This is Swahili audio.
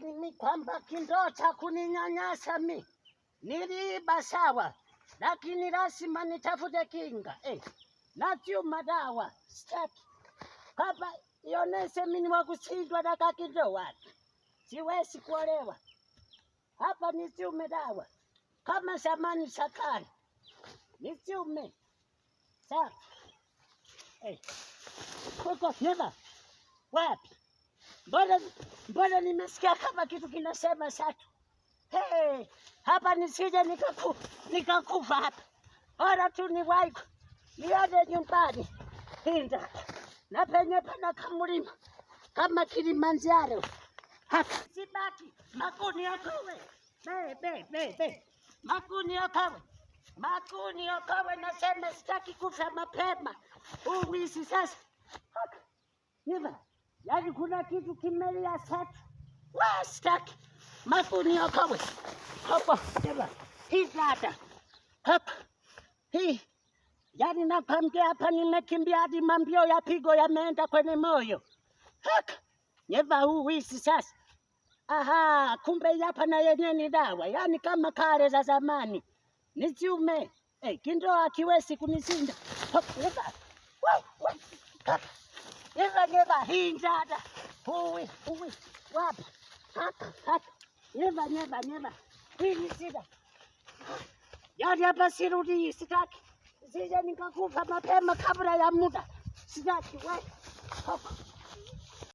mi kwamba kindoo cha kuninyanyasa mi niliiba sawa, lakini lazima nitafute kinga eh, na chuma dawa staki kaba ionese mimi wa kushindwa na kakindoo watu, siwezi kuolewa hapa, nisiume dawa kama samani sakani nisiume sawa eh, kuko wapi? Mbona mbona nimesikia kama kitu kinasema Satu? Hey, hapa nisije nikaku, nikakufa hapa. ora tu ni waiku niende nyumbani hinda na penye pana kamulima kama Kilimanjaro hapa sibaki makuni yakowe be, be, be, be. makuni yakowe makuni yokowe, nasema sitaki kufa mapema uwisi sasa hapa. Yaani kuna kitu kimelia satu wastaki mafunia kawe hapa hii hizata hapa hii yaani, nakwambia hapa nimekimbia hadi mambio ya pigo yameenda kwenye moyo haka nyeva huu wisi sasa. Aha, kumbe hapa na yenye ni dawa, yaani kama kale za zamani. Nichume eh, kindoa kiwesi kunizinda hapa ungahindata uwe uwe wapha haka haka neva neva neva ini sida yati apa siri kuti sitaki zizeni ngakufa mapema kabura ya muda sitaki wai hoko